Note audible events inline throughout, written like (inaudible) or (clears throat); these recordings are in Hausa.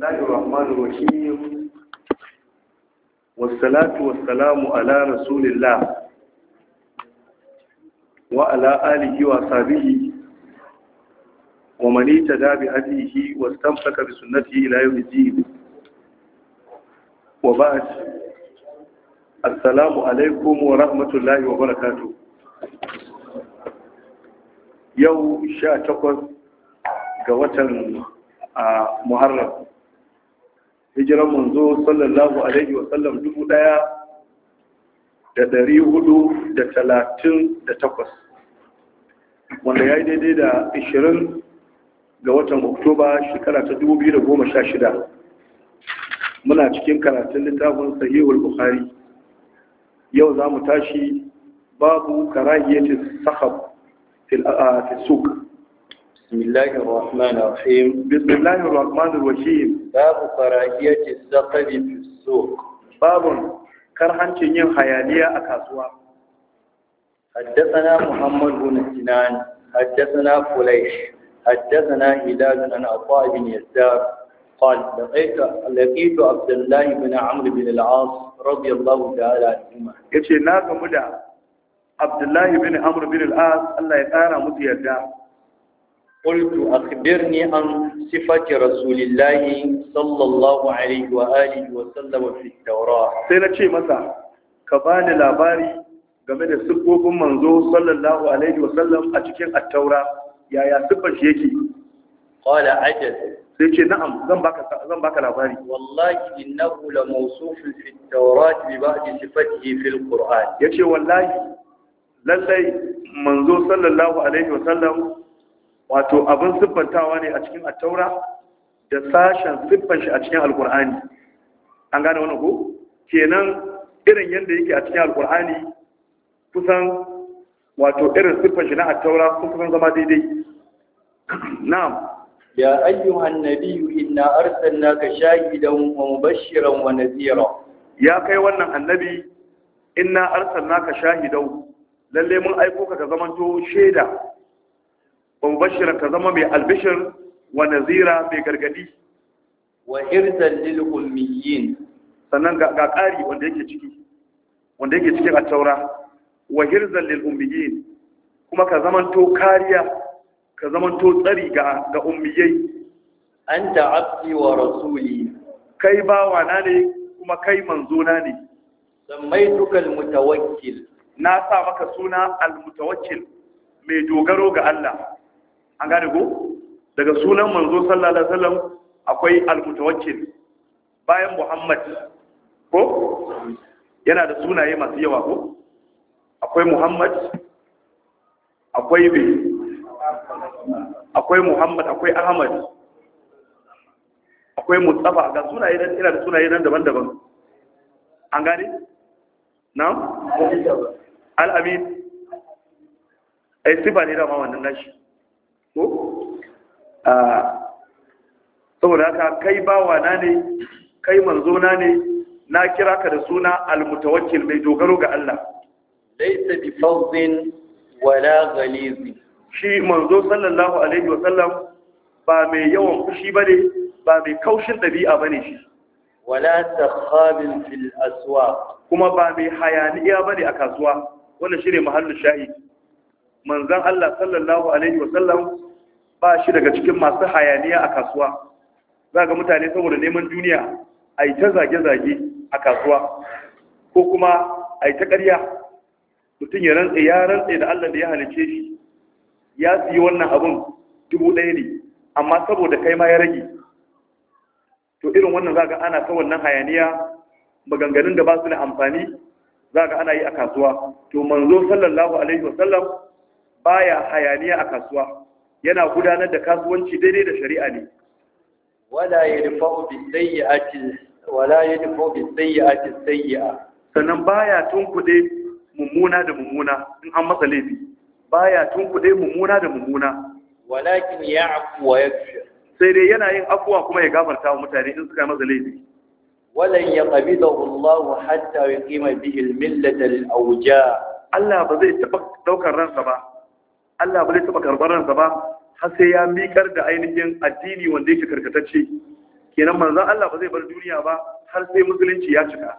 Bismillahir Rahmanir Rahim. ala Rasulillah wa ala alihi wa sahbihi wa man ittaba bi hadihi wa istamsaka bi sunnatihi ila yawmid Assalamu alaikum wa rahmatullahi wa barakatuh. Yau 18 ga watan a ah, muharram hijiran manzo sallallahu alaihi wasallam dubu daya da dari hudu da talatin da takwas wanda ya yi daidai da ashirin ga watan oktoba shekara ta dubu biyu da goma sha shida muna cikin karatun littafin sahihul bukhari yau za mu tashi babu karahiyyar sahab fil suka بسم الله الرحمن الرحيم بسم الله الرحمن الرحيم باب كراهية السقف في السوق باب كرهنة تنين خيالية أكاسوا حدثنا محمد بن سنان حدثنا فليش حدثنا هلال عن عطاء بن يسار قال لقيت لقيت عبد الله بن عمرو بن العاص رضي الله تعالى عنهما yace na عبد الله بن عمرو بن العاص الله as Allah قلت أخبرني عن صفة رسول الله صلى الله عليه وآله وسلم في التوراة سينتشي مسا كبان لاباري game da siffofin manzo sallallahu alaihi wasallam a cikin attaura yaya siffar shi yake qala ajal sai ce na'am zan baka zan baka labari wallahi innahu la mawsufun fi at-taurat bi ba'di sifatihi fi al yace lallai manzo sallallahu wato abin siffantawa ne a cikin attaura da sashen siffan shi a cikin alkur'ani an gane wani ku? kenan irin yadda yake a cikin alkur'ani kusan wato irin siffan shi na attaura kusan zama daidai na'am يا أيها النبي إنا أرسلناك شاهدا ومبشرا ونذيرا يا kai wannan annabi inna arsalnaka shahidan lalle mun aiko ka zaman to sheda wa mubashira ka zama mai albishir wa nazira mai gargadi wa irzan lil ummiyin sannan ga ƙari wanda yake ciki wanda yake cikin attaura wa irzan lil ummiyin kuma ka to kariya ka to tsari ga ga ummiyai anta abdi wa rasuli kai bawa na ne kuma kai manzo na ne sammaituka al-mutawakkil na sa maka suna al-mutawakkil mai dogaro ga Allah an gane ko daga sunan manzo sallallahu alaihi wasallam akwai al-mutawakkil bayan muhammad ko yana da sunaye masu yawa ko akwai muhammad akwai bi akwai muhammad akwai ahmad akwai mustafa ga sunaye nan ina da sunaye nan daban-daban an gane na'am al-amin ai sifa ne da ma wannan nashi saboda haka kai bawa na ne kai manzona ne na kira ka da suna almutawakkil mai dogaro ga Allah laysa bi fawzin wala ghaliz shi manzo sallallahu alaihi wa sallam ba mai yawan fushi bane ba mai kaushin dabi'a bane shi wala takhabin fil aswaq kuma ba mai hayaniya bane a kasuwa wannan shine mahallin shahi manzon Allah sallallahu alaihi wa sallam ba shi daga cikin masu hayaniya a kasuwa za ga mutane saboda neman duniya a yi ta zage-zage a kasuwa ko kuma a yi ta ƙarya mutum ya rantse ya rantse da allah da ya halice shi ya siyi wannan abin dubu ɗaya ne amma saboda kai ma ya rage to irin wannan za ga ana ta wannan hayaniya maganganun da ba su da amfani za ga ana yi a kasuwa to manzo sallallahu alaihi wasallam baya hayaniya a kasuwa yana gudanar da kasuwanci daidai da shari'a ne wala yadfa'u bis-sayyi'ati wala yadfa'u bis sayyi'a sannan baya tunkude mummuna da mummuna in an masa laifi baya tunkude mummuna da mummuna walakin ya'fu wa yaghfir sai dai yana yin afuwa kuma ya gafarta wa mutane in suka masa laifi walan yaqbidahu Allah hatta yuqima bihi al-millata al-awja Allah ba zai taba daukar ransa ba Allah ba zai taɓa karɓar ransa ba har sai ya miƙar da ainihin addini wanda yake karkatacce kenan manzon Allah ba zai bar duniya ba har sai musulunci ya cika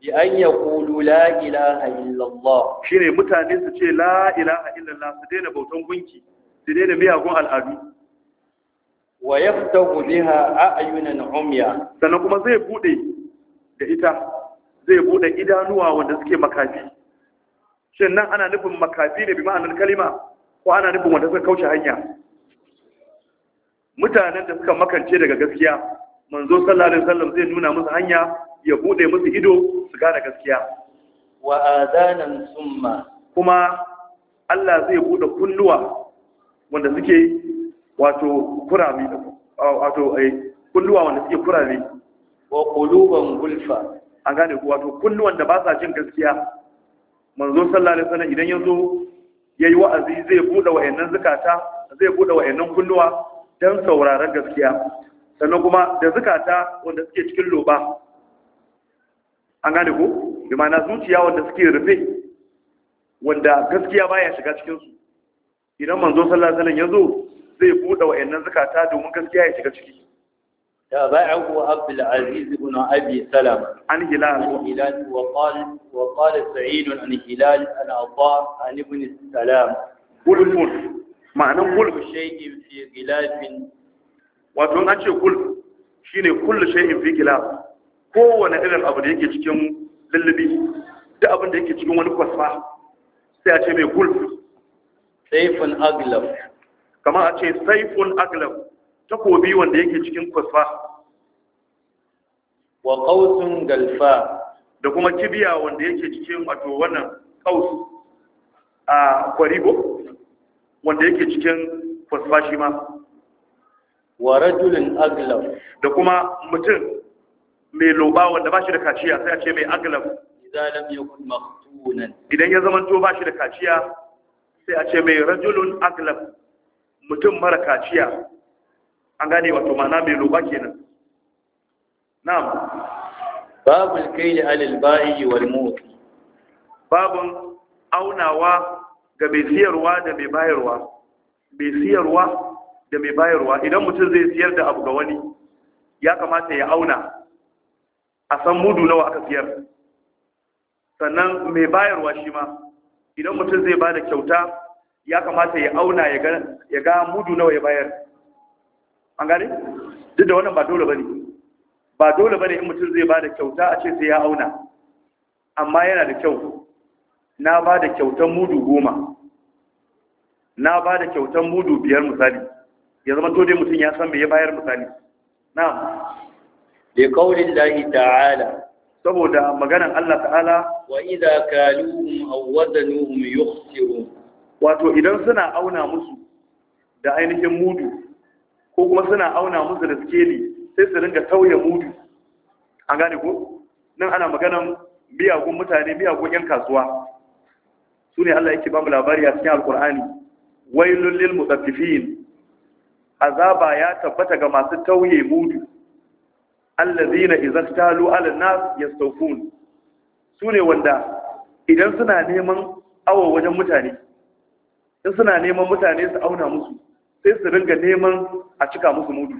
bi an yaqulu la ilaha illallah. shine mutane su ce la ilaha illallah, su daina bautan gunki su daina miyagun al'adu wa yaftahu biha a'yunan umya sannan kuma zai bude da ita zai bude idanuwa wanda suke makafi shin nan ana nufin makafi ne bi ma'anar kalima ko ana nufin wanda suka kauce hanya mutanen da suka makance daga gaskiya manzo sallallahu alaihi wasallam zai nuna musu hanya ya bude musu ido su gane gaskiya wa adanan summa kuma Allah zai bude kulluwa wanda suke wato kurami wato ai eh, kulluwa wanda suke kurami wa quluban gulfa an gane wato kulluwan da ba sa jin gaskiya manzo sallallahu alaihi wasallam idan yazo Ya yi wa'azi zai buɗe wa'annan zukata zai buɗe wa'annan kunnuwa don sauraron gaskiya sannan kuma da zukata wanda suke cikin loba an gane ku. bi na zuciya wanda suke rufe wanda gaskiya baya shiga cikinsu. idan manzo sallar sanin yanzu zo, zai buɗe wa'annan zukata domin gaskiya ya shiga ciki تابعه عبد العزيز بن أبي سلمة عن هلال عن وقال وقال سعيد عن هلال عن عطاء عن ابن السلام قلف معنى قلف شيء في غلاف wato an ce kul shine kullu shay'in fi gilaf kowane irin abu da yake cikin lullubi duk abin da yake cikin wani kwasfa sai a ce mai kul saifun kama a ce saifun takobi wanda yake cikin kwasfa wa qausun galfa da kuma kibiya wanda yake cikin wato wannan qaus a kwaribo, wanda yake cikin kwasfa shi ma wa rajulin aglaf da kuma mutum mai loba wanda ba shi da kaciya sai a ce mai aglaf idan ya zamanto ba shi da kaciya sai a ce mai rajulun aglaf mutum mara kaciya an gane wato ma'ana mai roba kenan na'am babul kaili alil ba'i wal mu'ti babun aunawa ga mai siyarwa da mai bayarwa mai siyarwa da mai bayarwa idan mutum zai siyar da abu ga wani ya kamata ya auna a san mudu nawa aka siyar sannan mai bayarwa shi ma idan mutum zai ba da kyauta ya kamata ya auna ya ga mudu nawa ya bayar an gane duk da wannan ba dole bane ba dole bane in mutum zai bada kyauta a ce sai ya auna amma yana da kyau na bada kyautan mudu goma na bada kyautan mudu biyar misali ya zama to dai mutum ya san me ya bayar misali na'am bi qawli llahi ta'ala saboda maganan Allah ta'ala wa idza kaluhum aw wadanuhum yukhsirun wato idan suna auna musu da ainihin mudu ko kuma suna auna musu da ne sai su ringa tauye mudu an gane ko nan ana maganan miyagun mutane miyagun yan kasuwa su ne Allah yake ba mu labari a cikin alkur'ani wailul lil mutaffifin azaba ya tabbata ga masu tauye mudu allazina idza talu ala nas yastawfun su ne wanda idan suna neman awo wajen mutane in suna neman mutane su auna musu sai su ringa neman a cika musu mudu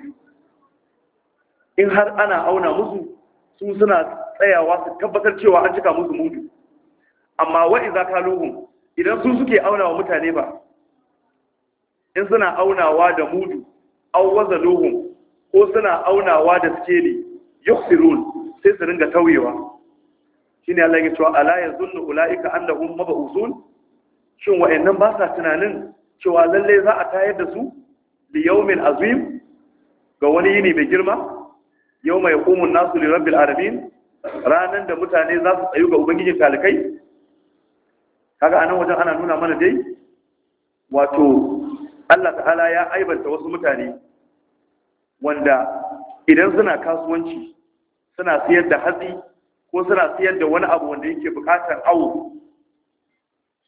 in har ana auna musu su suna tsayawa su tabbatar cewa an cika musu mudu amma wa'i za ka lohun idan su suke auna wa mutane ba in suna aunawa da mudu au waza lohun ko suna aunawa da su yuksirun sai su ringa tauyewa shi ne Allah ya cewa ala ya zunnu ula'ika maba mab'usun shin nan ba sa tunanin cewa lalle za a tayar da su li yawmin azim ga wani yini mai girma yawma yaqumun nasu li rabbil alamin ranan da mutane za su tsayu ga ubangijin talikai kaga anan wajen ana nuna mana dai wato Allah ta'ala ya aibanta wasu mutane wanda idan suna kasuwanci suna siyar da hatsi ko suna siyar da wani abu wanda yake bukatar awo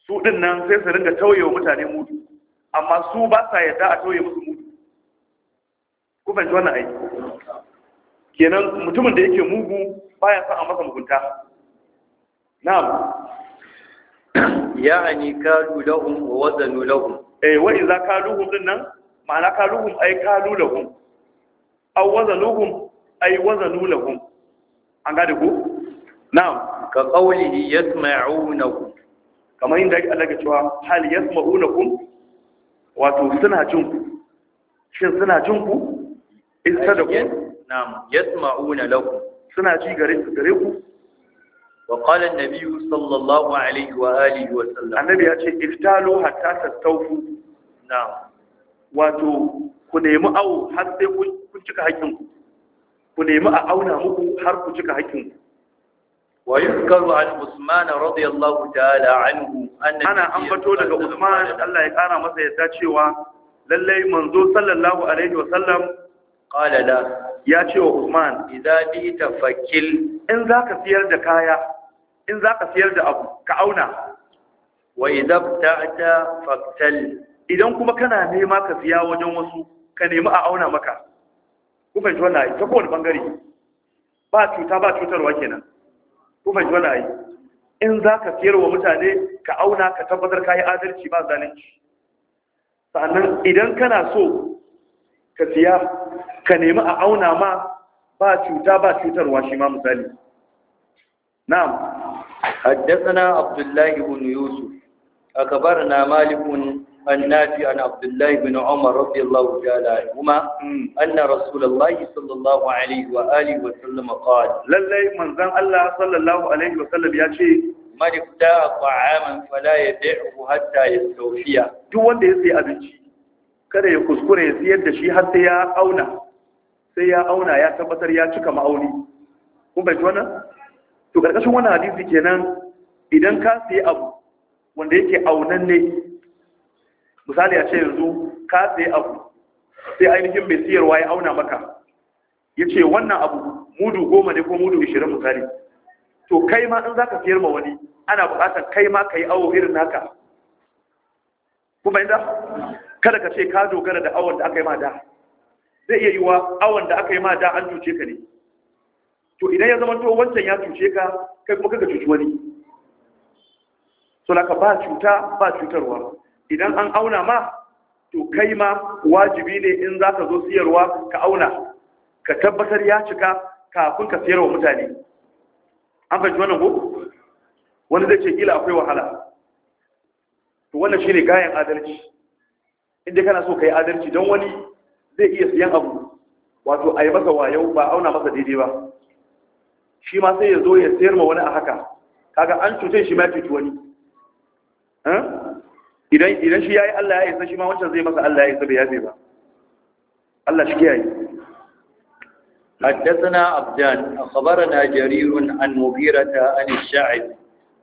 su din nan sai su ringa tauyewa mutane mutu amma su ba sa yadda a toye musu mudu ku fahimci wannan aiki kenan mutumin da yake mugu baya son a masa mugunta na'am ya'ani kalu lahum wa wazanu lahum eh wa idza kaluhum dinnan ma'ana kaluhum ay kalu lahum aw wazanuhum ay wazanu lahum an gade ku na'am ka qawlihi yasma'unakum kamar inda Allah ke cewa hal yasma'unakum wato suna jin ku shin suna jin ku in ku na'am yasma'una lakum suna ji gare ku gare ku wa qala an-nabi sallallahu alaihi wa alihi wa sallam annabi ya ce iftalu hatta tastawfu na'am wato ku nemi awo har sai kun cika haƙƙin ku ku nemi a auna muku har ku cika haƙƙin ku ويذكر عن عثمان رضي الله تعالى عنه ان انا هم daga Uthman Allah ya kara masa yadda cewa lalle manzo sallallahu alaihi wasallam qala la ya ce wa Uthman idza dita fakil in zaka siyar da kaya in zaka siyar da abu ka auna wa idza ta'ata faktal idan kuma kana nema ka siya wajen wasu ka nemi a auna maka ku fahimci wannan ta kowane bangare ba cuta ba cutarwa kenan ko bai wani ayi in za ka wa mutane ka auna ka tabbatar ka yi adalci ba zalunci sannan idan kana so ka siya ka nemi a auna ma ba cuta ba cutarwa shi ma misali na'am حدثنا abdullahi ibn yusuf يوسف أخبرنا النافي عن عبد الله بن عمر رضي الله تعالى عنهما أن رسول الله صلى الله عليه وآله وسلم قال للي من ذن الله صلى الله عليه وسلم يا شيء man ibta'a ta'aman fala yabi'hu hatta yastawfiya duk wanda ya sayi abinci kada ya kuskure ya da shi har sai ya auna ya tabbatar ya cika ma'auni kun bai wannan to karkashin wannan hadisi kenan idan ka sayi abu wanda yake aunan ne misali a ce yanzu ka tsaye abu sai ainihin mai siyarwa ya auna maka ya ce wannan abu mudu goma ne ko mudu ishirin misali to kai ma in za ka siyar ma wani ana buƙatar kai ma ka yi awo irin naka kuma inda kada ka ce ka dogara da awon da aka yi ma da zai iya yiwa awon da aka yi ma da an cuce ka ne to idan ya zama to wancan ya cuce ka kai kuma kaka cuci wani so laka ba cuta ba cutarwa idan an auna ma to kai ma wajibi ne in za ka zo siyarwa ka auna ka tabbatar ya cika kafin ka siyarwa mutane an fahimci wannan ko wani zai ce kila akwai wahala to wannan shine gayan adalci inda kana so kai adalci don wani zai iya siyan abu wato a yi masa wayo ba auna masa daidai ba shi ma sai ya zo ya sayar ma wani a haka kaga an cuce shi ma cuci wani idan shi ya yi Allah ya isa shi ma wancan zai masa Allah ya isa bai yafe ba Allah shi kiyaye حدثنا عبدان أخبرنا جرير عن مغيرة عن الشعب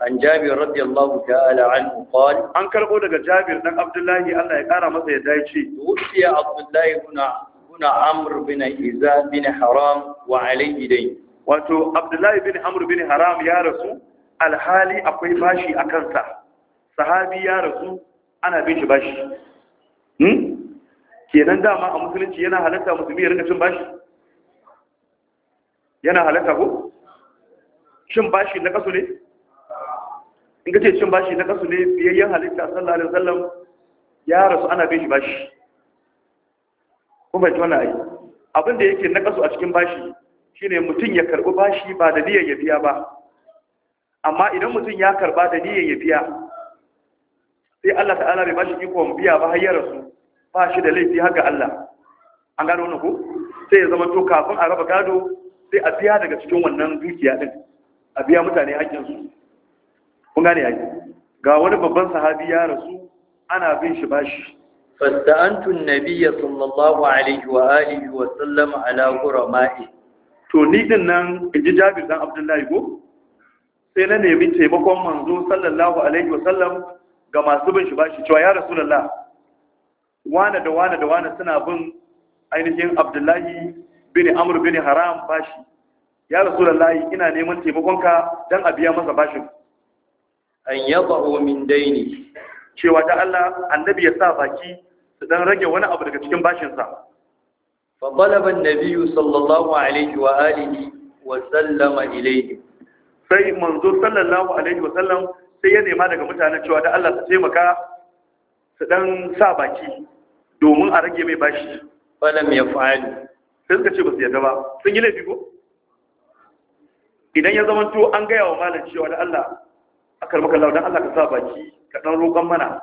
عن جابر رضي الله تعالى عنه قال عن كربو daga Jabir dan Abdullahi Allah ya kara masa yadda yace wusiya Abdullahi kuna kuna Amr Iza bin Haram wa alayhi dayn wato Abdullahi bin Amr bin Haram ya rasu alhali akwai bashi akan sa sahabi ya rasu ana bin shi bashi hmm? kenan dama a musulunci yana halatta musulmi ya rika cin bashi yana halatta ko cin bashi na kaso ne in ka ce cin bashi na kaso ne biyayyen halitta sallallahu alaihi wasallam ya rasu ana bin shi bashi ko bai tona ai abin da yake na kaso a cikin bashi shine mutum ya karbi bashi ba da niyyar ya biya ba amma idan mutum ya karba da niyyar ya biya sai Allah ta'ala bai bashi ikon biya ba hayyar su ba shi da laifi haka Allah an gano wani ko sai ya zama to kafin a raba gado sai a biya daga cikin wannan dukiya din a biya mutane hakkin su kun gane yayi ga wani babban sahabi ya rasu ana bin shi bashi فاستعنت sallallahu alaihi wa alihi wa sallam ala qurama'i to ni din nan inji Jabir dan Abdullahi ko sai na nemi taimakon manzo sallallahu alaihi wa sallam. ga masu bin shi bashi cewa ya rasulullah wane da wane da wane suna bin ainihin abdullahi bin amr bin haram bashi ya rasulullah ina neman taimakonka dan a biya masa bashin an yadahu min daini cewa da Allah annabi ya sa baki su dan rage wani abu daga cikin bashin sa fa talaba an sallallahu alaihi wa alihi wa sallama ilayhi sai manzo sallallahu alaihi wa sallam sai ya nema daga mutane cewa da Allah su taimaka su dan sa baki domin a rage mai bashi falam ya fa'ali sai suka ce ba su yarda ba sun yi laifi ko idan ya zama to an gaya wa malam cewa da Allah a karbaka lau dan Allah ka sa baki ka dan roƙon mana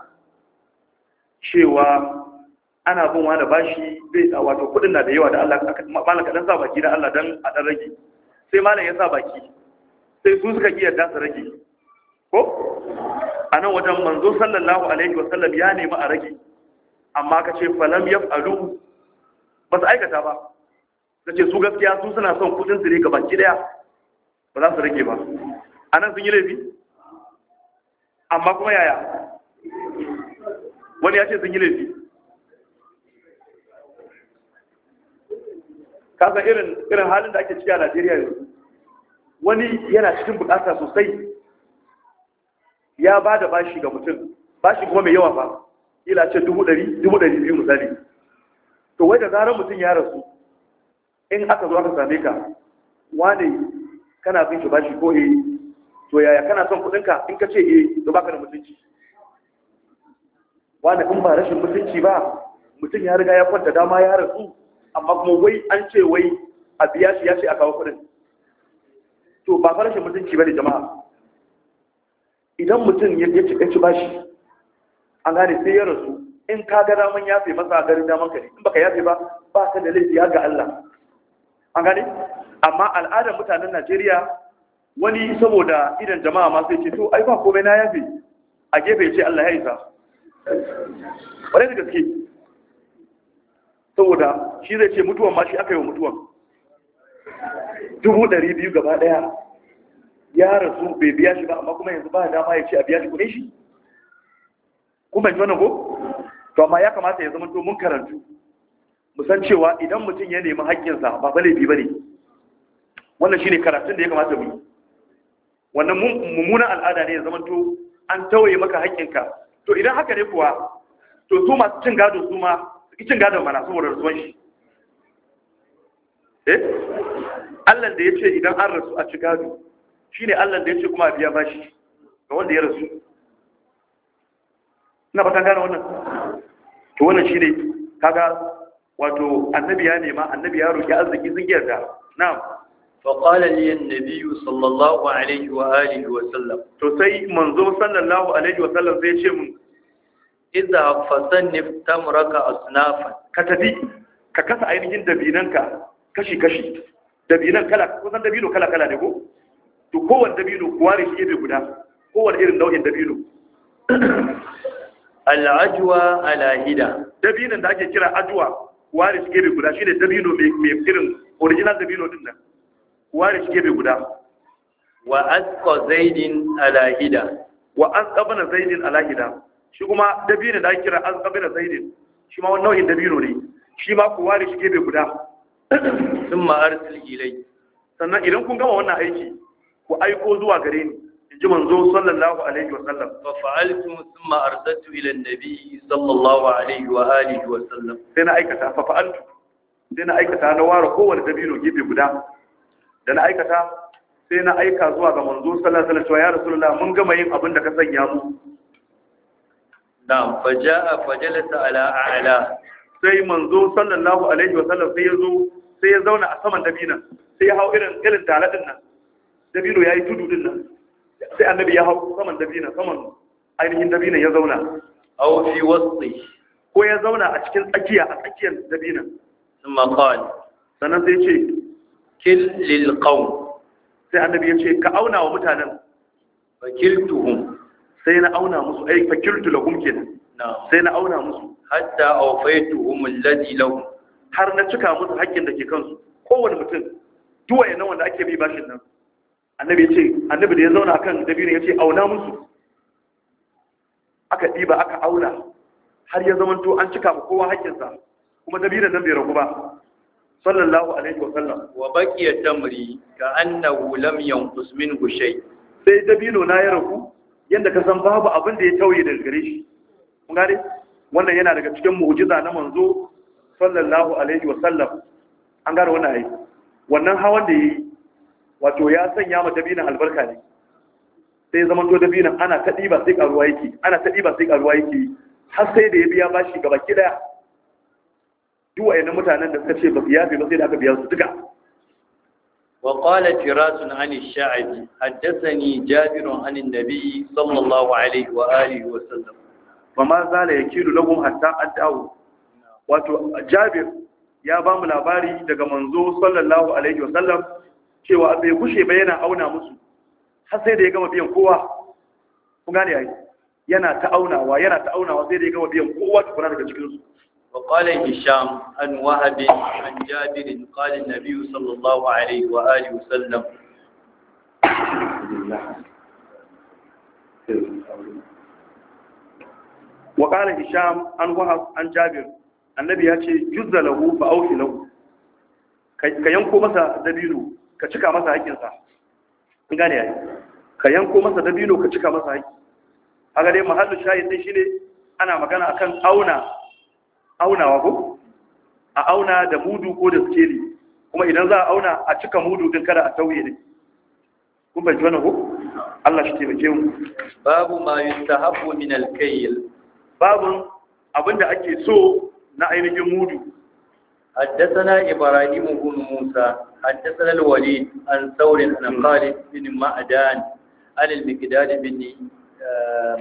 cewa ana bin wani bashi zai sa wato kudin na da yawa da Allah malam ka dan sa baki da Allah dan a dan rage sai malam ya sa baki sai su suka yi da su rage ko a nan wajen manzo sallallahu alaihi wasallam ya nemi a rage amma ka ce falam ya faru ba su aikata ba Ka ce su gaskiya su suna son kudin su ne ga baki daya ba za su rage ba a nan sun yi laifi amma kuma yaya wani ya ce sun yi laifi kasan irin halin da ake ciki a najeriya yanzu wani yana cikin bukata sosai ya ba da bashi ga mutum bashi kuma mai yawa ba ila ce dubu ɗari dubu ɗari biyu misali to wai da zarar mutum ya rasu in aka zo aka same ka wane kana bin shi bashi ko eh to yaya kana son kuɗinka in ka ce eh to baka da mutunci wani in ba rashin mutunci ba mutum ya riga ya kwanta dama ya rasu amma kuma wai an ce wai a biya shi ya ce a kawo kuɗin to ba fa rashin mutunci ba ne jama'a idan mutum ya ci bashi an gane sai ya rasu in ka ga ya yafe masa a garin daman ka ne in baka yafe ba ba ka da laifi ga Allah an gane amma al'adar mutanen Najeriya wani saboda idan jama'a masu sai ce to ai ba komai na yafe a gefe ce Allah ya isa ƙwarai da gaske saboda shi zai ce mutuwan ma shi aka yi wa mutuwan dubu ɗari biyu gaba ɗaya ya rasu bai biya shi ba amma kuma yanzu ba dama ya ce a biya shi kuɗin shi kuma ji wannan ko to amma ya kamata ya zama to mun karantu mu san cewa idan mutum ya nemi haƙƙinsa ba bale bi ba ne wannan shine karatun da ya kamata mu yi wannan mummunan al'ada ne ya zama to an tawaye maka haƙƙinka to idan haka ne kuwa to su masu cin gado su ma su cin gado mana saboda rasuwan shi eh Allah da ya ce idan an rasu a ci gado shine Allah da ya ce kuma a biya bashi ga wanda ya rasu ina ba gane wannan to wannan ne, kaga wato annabi ya nema annabi ya roki arziki sun yarda na'am fa qala li annabi sallallahu alaihi wa sallam to sai sallallahu alaihi wa sallam sai ya ce mun idza fasannif tamraka asnafan ka tafi ka kasa ainihin dabinanka kashi kashi dabinan kala dabino kala kala ne ko to kowane dabino kuwa ne shi gefe guda kowane irin nau'in dabino (clears throat) al'ajuwa alahida dabinon da ake kira ajuwa kuwa ne shi gefe guda shine dabino mai irin original dabino din nan kuwa ne shi gefe guda wa asqa zaidin alahida wa asqabna zaidin alahida shi kuma dabino da ake kira asqabna zaidin shi ma wannan nau'in dabino ne shi ma kuwa ne shi gefe guda sun (clears throat) ma'arsil ilai sannan idan kun gama wannan aiki ku aiko zuwa gare ni inji manzo sallallahu alaihi wa sallam fa fa'altu thumma arsaltu ila an-nabi sallallahu alaihi wa alihi wa sallam sai na aikata fa fa'altu sai na aikata na ware kowanne dabino gefe guda da na aikata sai na aika zuwa ga manzo sallallahu alaihi wa sallam ya rasulullah mun gama yin abin da ka sanya mu na'am faja'a fajalasa ala a'la sai manzo sallallahu alaihi wa sallam sai ya zo sai ya zauna a saman dabinan sai ya hau irin irin talatin nan dabino ya yi tudu din nan sai annabi ya hau saman dabina saman ainihin dabina ya zauna aw fi wasfi ko ya zauna a cikin tsakiya a tsakiyar dabina thumma qala sannan sai ce kil lil qawm sai annabi ya ce ka auna wa mutanen Fakil tuhun. sai na auna musu ai fakiltu lahum kenan sai na auna musu hatta awfaituhum alladhi lahum har na cika musu haƙƙin da ke kansu kowane mutum duwaye na wanda ake bi bashin nan annabi ya ce annabi da ya zauna kan dabino ya ce auna musu aka ɗiba aka auna har ya zama to an cika ba kowa haƙƙinsa kuma dabino nan bai ragu ba sallallahu alaihi wa sallam wa baqiya tamri ka annahu lam yanqus min shay sai dabino na ya ragu yanda ka san babu abin da ya tauye daga gare shi kun gane wannan yana daga cikin mu'jiza na manzo sallallahu alaihi wa sallam an gane wannan ai wannan hawan da yayi wato ya sanya ma dabinan albarka ne sai zaman to dabinan ana taɗi ba sai ƙaruwa yake ana ta ɗiba sai ƙaruwa yake har sai da ya biya bashi gaba kiɗa. ɗaya duk wayannan mutanen da suka ce ba su yafe ba sai da aka biya su duka وقال فراس عن الشعبي حدثني جابر عن النبي صلى wa sallam. وآله وسلم وما زال يكيل لهم حتى Wato وجابر ya ba mu labari daga manzo sallallahu alaihi wa sallam. cewa bai gushe ba yana auna musu har sai da ya gama biyan kowa kun gane yayi yana ta aunawa yana ta aunawa sai da ya gama biyan kowa tukuna daga cikin su wa qala hisham an wahabi an jabir qala nabi sallallahu alaihi wa alihi wa sallam wa qala hisham an wahab an jabir annabi ya ce juzza lahu fa aufi lahu ka yanko masa dabino ka cika masa haƙƙinsa in gane yayi ka yanko masa dabino ka cika masa haƙƙi a dai mahallin shayi shi ne ana magana a kan auna aunawa ko a auna da mudu ko da skeli kuma idan za a auna a cika mudu din kada a tauye ne kun bai jona ko Allah shi taimake mu babu ma yustahabu min al babu abinda ake so na ainihin mudu حدثنا إبراهيم بن موسى حدثنا الوليد عن ثور عن خالد بن معدان عن المقداد بن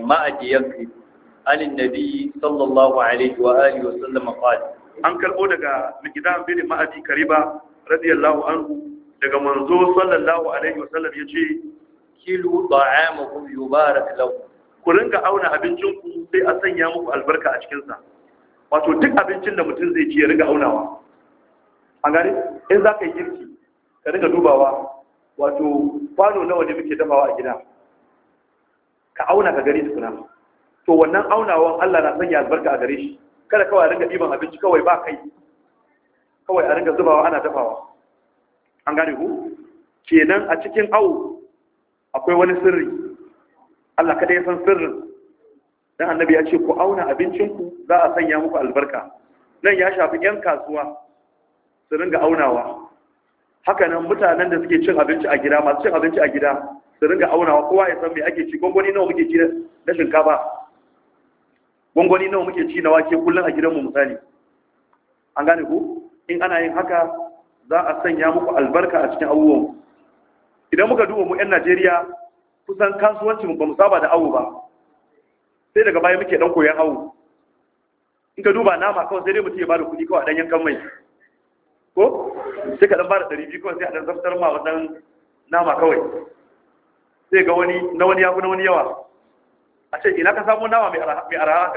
معد يكرب عن النبي صلى الله عليه وآله وسلم قال an karɓo daga mikidan bin ma'adi kariba radiyallahu anhu daga manzo sallallahu alaihi wasallam ya ce kilu ta'amakum yubarak lahu ku ringa auna abincinku sai a sanya muku albarka a cikinsa wato duk abincin da mutum zai ci ya ringa aunawa an gane in za ka yi girki ka rika dubawa wato kwano nawa ne muke dafawa a gida ka auna ka gari tukuna to wannan aunawan Allah na sanya albarka a gare shi kada kawai a ringa ɗiban abinci kawai ba kai kawai a ringa zubawa ana dafawa an gane ku kenan a cikin awo akwai wani sirri Allah kada ya san sirrin dan annabi ya ce ku auna abincinku za a sanya muku albarka nan ya shafi yan kasuwa su ringa aunawa hakanan mutanen da suke cin abinci a gida masu cin abinci a gida su ringa aunawa kowa ya san me ake ci gwangwani nawa muke ci na shinkafa gwangwani nawa muke ci na wake kullum a gidanmu misali an gane ku in ana yin haka za a sanya muku albarka a cikin abubuwan idan muka duba mu 'yan najeriya kusan mu ba mu saba da awo ba sai daga baya muke dan koyan awo in ka duba nama kawai sai dai mutum ya bada kuɗi kawai ɗanyen kan mai ko sai ka dan ba da ɗari biyu kawai sai a dan zartar ma wannan nama kawai sai ga wani na wani ya fi na wani yawa a ce ina ka samu nama mai araha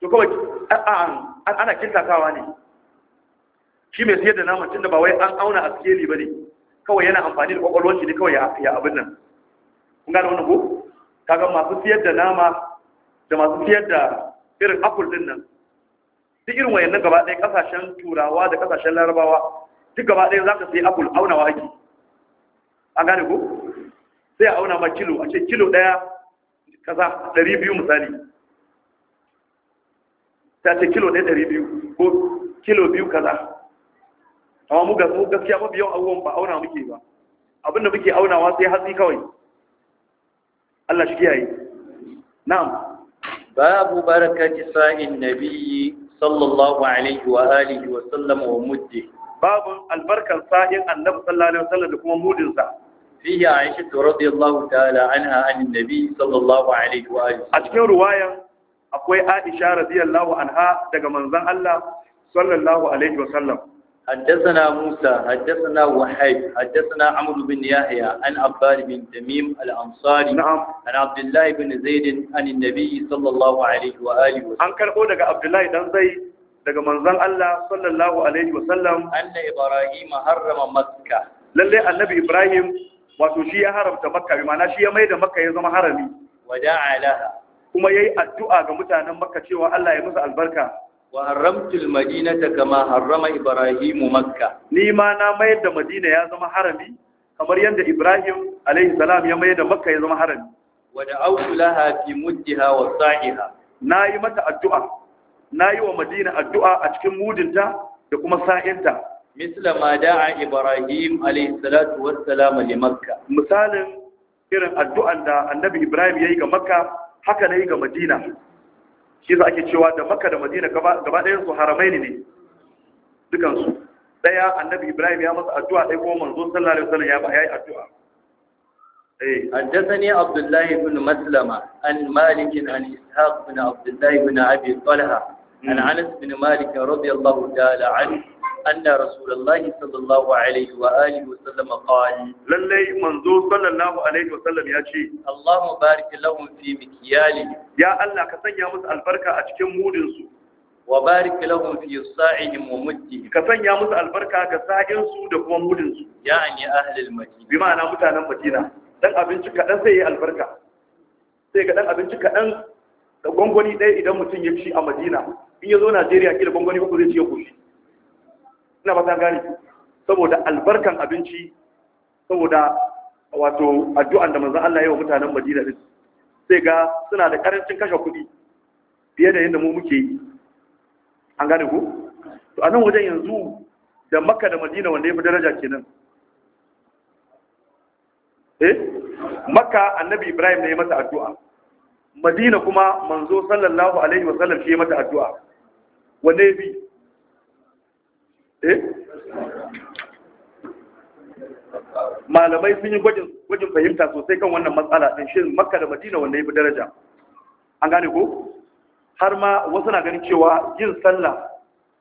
to kawai ana kintakawa ne shi mai siyar da naman tun da ba wai an auna a sikeli ba ne kawai yana amfani da kwakwalwanci ne kawai ya abin nan kun gane wani ko kaga masu siyar da nama da masu siyar da irin apple din nan duk irin wayannan gaba ɗaya kasashen turawa da kasashen larabawa duk gaba ɗaya za ka sai apple aunawa ake an gane ko sai a auna ma kilo a ce kilo ɗaya kaza ɗari biyu misali ta ce kilo ɗaya ɗari biyu ko kilo biyu kaza amma mu gaskiya mafi yawan abubuwan ba auna muke ba Abin da muke aunawa sai hatsi kawai Allah shi kiyaye na'am babu barakati sa'in nabiyyi sallallahu alaihi wa alihi wa sallam wa muddi babun albarkan sa'in annabi sallallahu alaihi wa sallam da kuma mudin sa fihi aisha radiyallahu ta'ala anha an nabi sallallahu alaihi wa alihi a cikin ruwayan akwai aisha radiyallahu anha daga manzon Allah sallallahu alaihi wa sallam حدثنا موسى حدثنا وحيد حدثنا عمرو بن يحيى عن عباد بن تميم الأنصاري نعم عن عبد الله بن زيد عن النبي صلى الله عليه وآله وسلم عن كربو دقى عبد الله بن زيد دقى منزل الله صلى الله عليه وسلم أن إبراهيم حرم مكة للي النبي إبراهيم وتشي حرم مكة بمعنى شي ميد مكة يزم حرمي ودعا لها كما يأي الدعاء متى مكة شوى الله يمز البركة wa haramtul madinata kama harrama ibrahimu makka ni ma na mayar da madina ya zama harami kamar yadda ibrahim alaihi salam ya mayar da makka ya zama harami wa da'awtu laha fi muddiha wa sa'iha nayi mata addu'a nayi wa madina addu'a a cikin mudinta da kuma sa'inta misla ma da'a ibrahim alaihi salatu wassalam li makka misalin irin addu'an da annabi ibrahim yayi ga makka haka nayi ga madina shi za ake cewa da maka da madina gaba ɗayan su haramai ne dukansu ɗaya annabi ibrahim ya masa addu'a ɗaya kuma manzo sallallahu alaihi wasallam ya ba yayi addu'a A عبد الله بن مسلمة عن مالك عن إسحاق بن عبد الله بن أبي عن انس بن مالك رضي الله تعالى عنه أن رسول الله صلى الله عليه وآله وسلم قال للي منذ صلى الله عليه وسلم يا شيء اللهم بارك لهم في مكيالهم يا الله كسنيا مس البركة أشكم مودنسو وبارك لهم في صاعهم ومدهم كسنيا مس البركة كساجنسو دكما مودنسو يعني أهل المدينة بمعنى متانا مدينة dan abinci kaɗan sai ya albarka sai ga ɗan abinci kaɗan da gwangwani ɗaya idan mutum ya ci a madina in ya zo najeriya kila gwangwani uku zai ci ya koshi ina ba ta gane saboda albarkan abinci saboda wato addu'an da manzan Allah ya wa mutanen madina din sai ga suna da karancin kashe kuɗi fiye da yadda mu muke yi an gane ku to a nan wajen yanzu da makka da madina wanda ya fi daraja kenan eh makka annabi ibrahim ne ya mata addu'a madina kuma manzo sallallahu alaihi wasallam shi ya mata addu'a wanne bi eh malamai sun yi gwajin fahimta sosai kan wannan matsala ɗin shi makka da madina wanda ya fi daraja an gane ko har ma wasu na ganin cewa yin sallah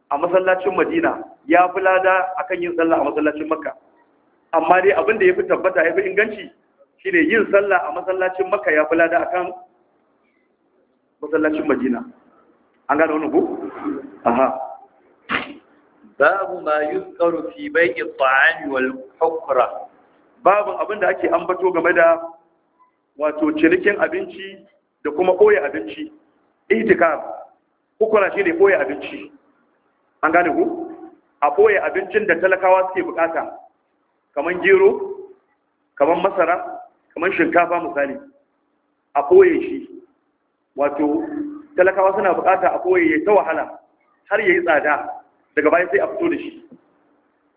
a masallacin madina ya fi lada akan yin sallah a masallacin makka amma dai abin da ya fi tabbata ya fi inganci shi ne yin sallah a masallacin makka ya fi lada akan masallacin madina an gane wani aha babu ma yuzkaru fi yi ta'ami wal babu abinda da ake ambato game da wato cinikin abinci da kuma koya abinci hukura shi ne koya abinci an gane ku a koya abincin da talakawa suke bukata kamar gero kamar masara kamar shinkafa misali a koya shi wato talakawa suna bukata a koyi ya ta wahala har ya yi tsada daga bayan sai a fito da shi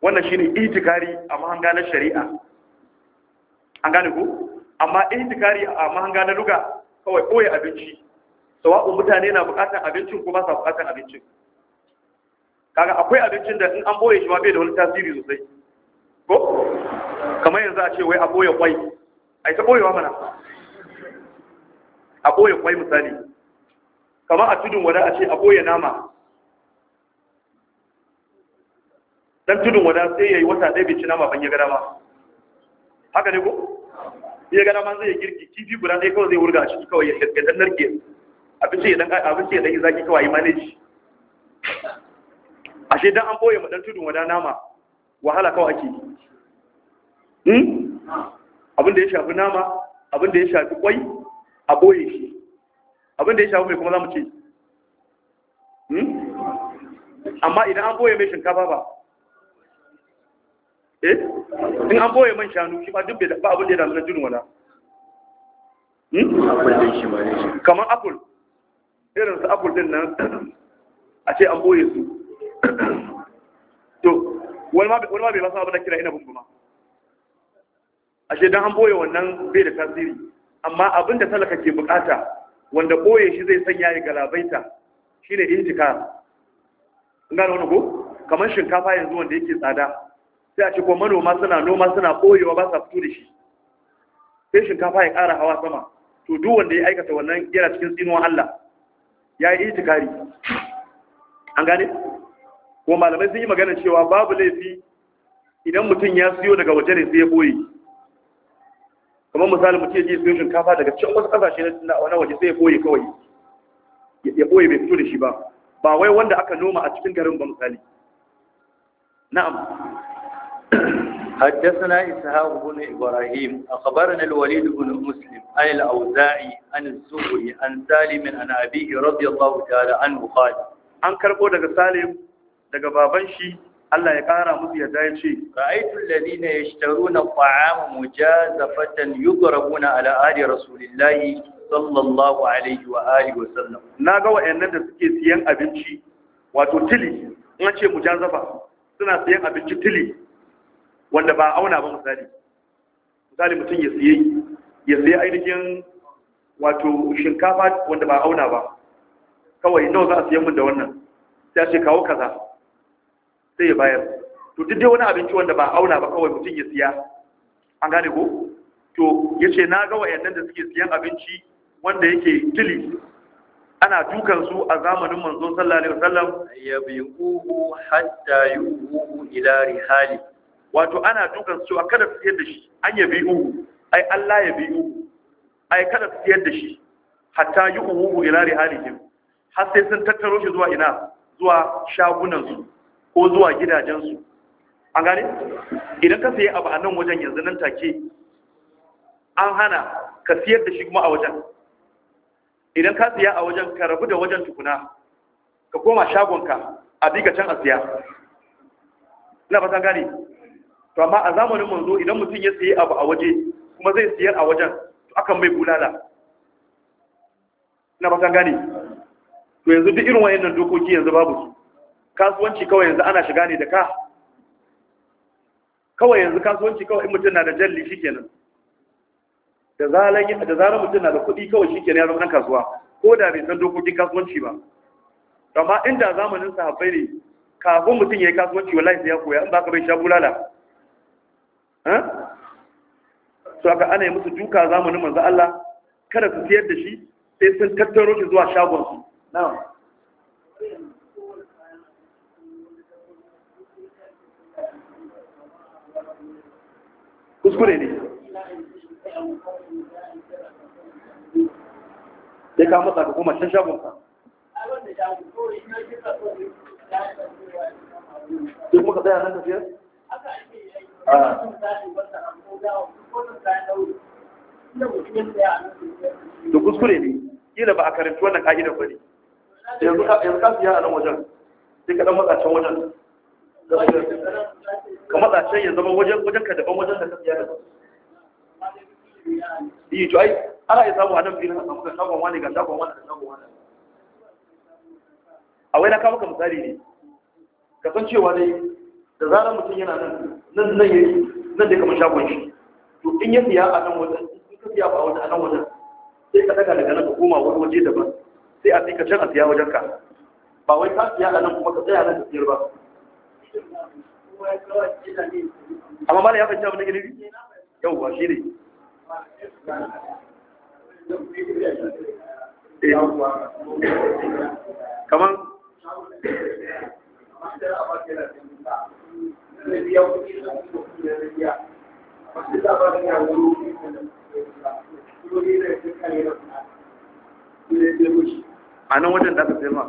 wannan shi ne itikari a mahanga na shari'a an gane ku amma itikari a mahanga na luga kawai koyi abinci sawa'un mutane na bukatan abincin ko ba sa bukatan abincin kaga akwai abincin da in an boye shi ma bai da wani tasiri sosai ko kamar yanzu a ce wai a boye kwai a ita boyewa mana a boye kwai misali kamar a tudun wada a ce a ɓoye nama dan tudun wada sai yayi wata ɗaya bai ci nama ban yi gada ba haka ne ko ya gada ma zai girki kifi guda ɗaya kawai zai wurga a ciki kawai ya dan narke abinci ya dan abinci ya dan zaki kawai manage ashe dan an boye ma dan tudun wada nama wahala kawai ake hmm abin da ya shafi nama abin da ya shafi kwai a boye shi abin da ya shafi mai kuma za mu ce hmm? amma idan an boye mai shinkafa ba eh in an boye man shanu shi ba duk ba abin da ya damu na jin wala hmm? kamar apple irin su apple din nan a ce an boye su to wani ma bai ba su abin da kira ina bumbuma ashe don an boye wannan bai da tasiri amma abin da talaka ke bukata wanda ɓoye shi zai sanya ya galabaita shi ne intika gano wani ko kamar shinkafa yanzu wanda yake tsada sai a ce manoma suna noma suna ɓoyewa ba sa fito da shi sai shinkafa ya ƙara hawa sama to duk wanda ya aikata wannan yana cikin tsinuwan Allah ya yi itikari an gane ko malamai sun yi magana cewa babu laifi idan mutum ya siyo daga waje ne sai ya ɓoye kamar misali mutum ya je sayo shinkafa daga can wasu kasashe na waje sai ya ɓoye kawai ya ɓoye bai fito da shi ba ba wai wanda aka noma a cikin garin ba misali na'am حدثنا إسحاق بن إبراهيم أخبرنا الوليد بن مسلم عن الأوزاعي عن الزهري عن سالم عن أبيه رضي الله تعالى عنه قال عن كربو دغ سالم دغ بابن Allah ya ƙara musu ya ya ce ra'aytul ladina yashtaruna ta'ama mujazafatan yugrabuna ala ali rasulillahi sallallahu alaihi wa Ali wa sallam naga wayannan da suke siyan abinci wato tili in ce mujazafa suna siyan abinci tili wanda ba auna ba misali misali mutum ya siye ya siye ainihin wato shinkafa wanda ba auna ba kawai nawa za a siyan mun da wannan sai a ce kawo kaza sai ya bayar to duk dai wani abinci wanda ba auna ba kawai mutum ya siya an gane ko to yace na ga wayannan da suke siyan abinci wanda yake tili ana dukan su a zamanin manzo sallallahu alaihi wasallam yabiquhu hatta yuhu ila rihali wato ana dukan su cewa kada su siyar da shi an ya yabiquhu ai Allah ya yabiquhu ai kada su siyar da shi hatta yuhu ila rihalihim har sai sun tattaro shi zuwa ina zuwa shagunan su ko zuwa gidajensu an gane idan ka sayi abu a nan wajen yanzu nan take an hana ka siyar da shi kuma a wajen idan ka siya a wajen ka rabu da wajen tukuna ka koma shagonka a bi ka can a siya ina fata gane to amma a zamanin manzo idan mutum ya sayi abu a waje kuma zai siyar a wajen to akan mai bulala ina fata gane to yanzu duk irin wayannan dokoki yanzu babu su kasuwanci kawai yanzu ana shiga ne da ka kawai yanzu kasuwanci kawai in mutum na da jalli shikenan da zalan da zalan mutum na da kuɗi kawai shikenan ya zama dan kasuwa ko da bai san dokokin kasuwanci ba amma inda zamanin sahabbai ne kafin mutum ya yi kasuwanci wallahi sai ya koya in ba ka bai sha bulala to aka ana yi musu duka zamanin manzo Allah kada su siyar da shi sai sun tattaro shi zuwa shagonsu na'am kuskure ne ya ka matsa ga kuma can shagunsa duk muka tsaya nan tafiyar? da ah. kuskure ne kila ba a karanci wannan ka'idar ba ne yanzu ka fiye a nan wajen sai ka dan matsa can wajen ka matsa can ya zama wajen ka daban wajen da ka biya daban yi to ai ana yi samu a nan biyu samu ga shagon wani ga shagon wani ga shagon wani a wai na kawo ka misali ne ka san cewa dai da zarar mutum yana nan nan nan yake nan dai kamar shagon shi to in ya siya a nan wajen in ka siya ba wajen a nan wajen sai ka daga daga nan ka koma wani waje daban sai a sai ka can a siya wajen ka ba wai ka siya a nan kuma ka tsaya nan ka siyar ba amma mala ya fahimci abin da ke nufi yauwa shi ne eh. kamar a nan wajen da ma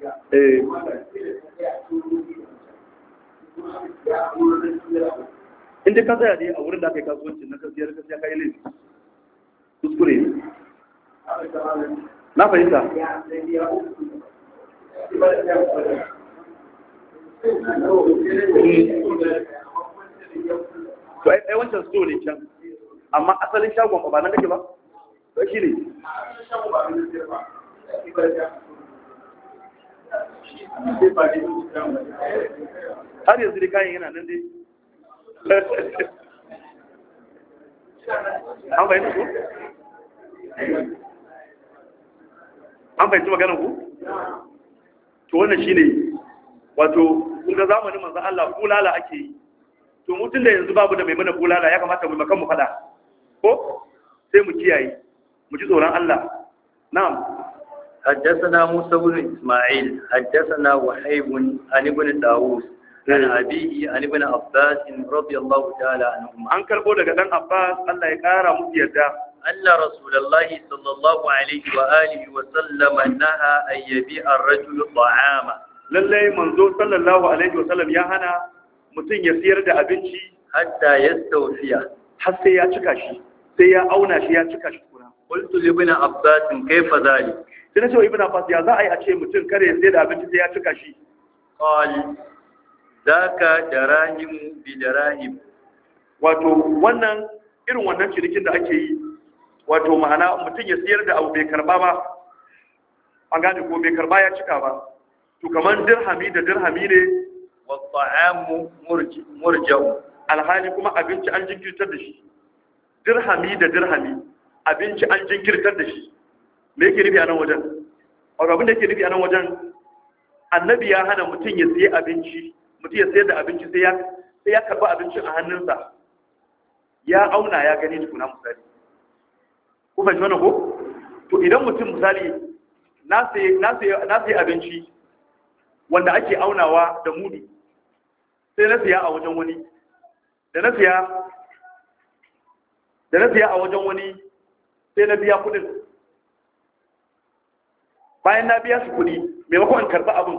eh ka tsaya a wurin da aka yi kasuwanci na kasiyar kasiya ka yi laifi kuskure ne na fahimta to ai wancan sto ne can amma asalin shagon ba nan kake ba shi ne har yanzu da kayan yana nan dai an bayan ku? an bayan maganin ku? to wannan shi ne wato kunga zamanin manzan Allah kulala ake yi to mutum da yanzu babu da mai mana kulala ya kamata mu makan mu fada ko sai mu kiyaye mu ji tsoron Allah na'am حدثنا موسى بن إسماعيل حدثنا وحيب عن ابن داوود عن أبيه عن ابن عباس رضي الله تعالى عنهما عن كربو daga dan Abbas Allah ya kara musu yarda Allah Rasulullahi sallallahu alaihi wa alihi wa sallam naha an yabi'a ar-rajul Lallai manzo sallallahu alaihi wa sallam ya hana mutum ya siyar da abinci hatta yastawfiya har sai ya cika shi sai ya auna shi ya cika shi kuna qultu li ibn Abbas kayfa zalik sai na ce wa ibn abbas ya za a yi a ce mutum kare ya sai da abinci sai ya cika shi qal zaka darahim bi darahim wato wannan irin wannan cinikin da ake yi wato ma'ana mutum ya siyar da abu bai karba ba an gane ko bai karba ya cika ba to kaman dirhami da dirhami ne wa ta'amu murja'u alhali kuma abinci an jinkirtar da shi dirhami da dirhami abinci an jinkirtar da shi me yake nufi a nan wajen wato abin da yake nufi a nan wajen annabi ya hana mutum ya siya abinci mutum ya sayar da abinci sai ya sai ya karba abincin a hannunsa ya auna ya gani tukuna misali ku fahimci wannan ko to idan mutum misali na sayi na na abinci wanda ake aunawa da mudu sai na siya a wajen wani da na siya da na siya a wajen wani sai na biya kudin bayan na biya su kuɗi maimakon in karɓi abin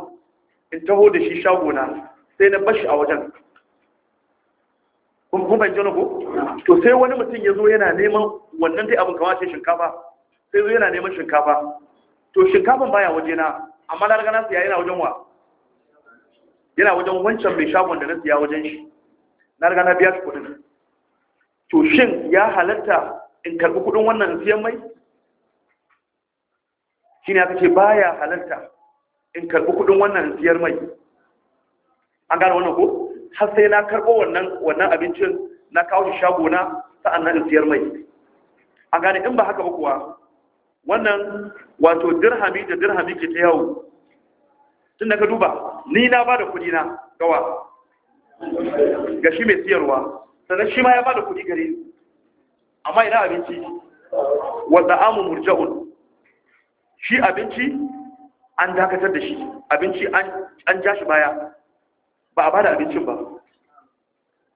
in taho da shi na, sai na bashi a wajen Kuma bai jana ko to sai wani mutum ya zo yana neman wannan dai abin kamar ce shinkafa sai zo yana neman shinkafa to shinkafan baya waje na amma na riga na yana wajen wa yana wajen wancan mai shagon da na siya wajen shi na riga na biya shi kuɗi to shin ya halatta in karɓi kuɗin wannan in siyan mai shi ne aka ce ba ya halarta in karɓi kuɗin wannan siyar mai an gane wannan ko har sai na karɓo wannan abincin na kawo shi shago na sa'an nan in siyar mai an gane in ba haka ba kuwa wannan wato dirhami da dirhami ke ta yawo tun daga ka duba ni na ba da kuɗi na gawa ga shi mai siyarwa sannan shi ma ya ba da kuɗi gare amma ina abinci wadda amu murja'un shi abinci an dakatar da shi abinci an ja shi baya ba a ba da abincin ba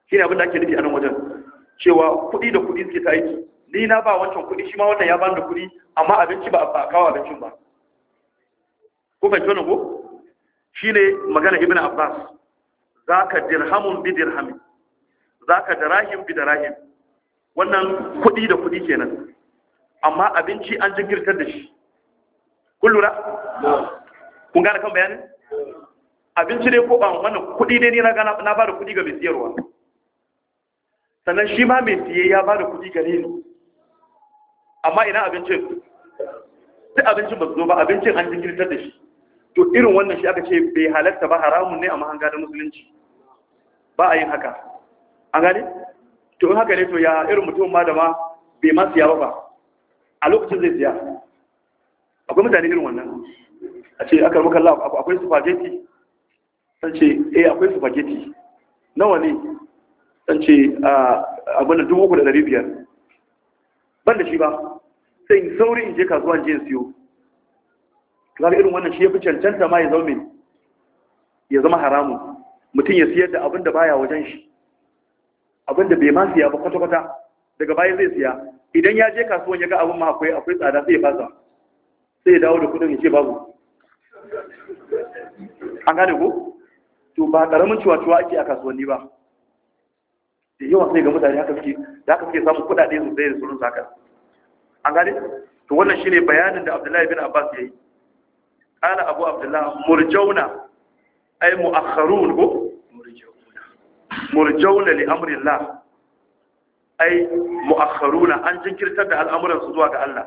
shi ne abin ake nufi a nan wajen cewa kuɗi da kuɗi suke ta aiki ni na ba wancan kuɗi shi ma wannan ya ba da kuɗi amma abinci ba a kawo abincin ba ko fahimci wannan ko shi ne magana ibn abbas za ka dirhamun bi dirhamin za ka darahim bi darahim wannan kuɗi da kuɗi kenan amma abinci an jinkirtar da shi kun lura kun gane kan bayanin abinci dai ko ba wannan kuɗi dai ni na gana na bada kuɗi ga mai siyarwa sannan shi ma mai siye ya bada kuɗi gare ni amma ina abincin sai abincin ba su zo ba abincin an ta da shi to irin wannan shi aka ce bai halatta ba haramun ne a mahanga da musulunci ba a yin haka an gane to in haka ne to ya irin mutum ma da ma bai ma siya ba ba a lokacin zai siya akwai mutane irin wannan a ce aka maka lab akwai spaghetti san ce eh akwai spaghetti nawa ne san ce ah, abin da dubu uku da ɗari biyar ban da shi ba sai in sauri in je kasuwa in je in siyo kaga irin wannan shi ya fi cancanta ma ya zama ya zama haramu mutum ya siyar da abin da baya wajen shi abin da bai ma siya ba kwata-kwata daga baya zai siya idan ya je kasuwan ya ga abin ma akwai akwai tsada sai ya fasa sai ya dawo da kudin ya ce babu an gane ku to ba karamin cewa-cewa ake a kasuwanni ba da yawan sai ga mutane haka suke da haka suke samun kudade sosai da surun haka an gane to wannan shine bayanin da Abdullahi bin Abbas ya yi qala Abu abdullahi murjauna ay mu'akharun ko murjauna murjauna li amrillah ay mu'akharuna an jinkirtar da al'amuran su zuwa ga Allah